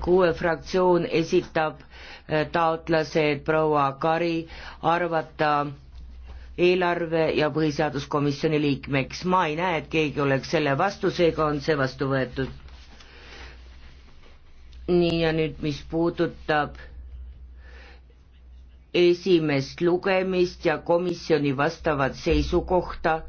kuue fraktsioon esitab äh, taotlase proua Kari arvata eelarve- ja põhiseaduskomisjoni liikmeks. ma ei näe, et keegi oleks selle vastu, seega on see vastu võetud. nii, ja nüüd, mis puudutab esimest lugemist ja komisjoni vastavat seisukohta,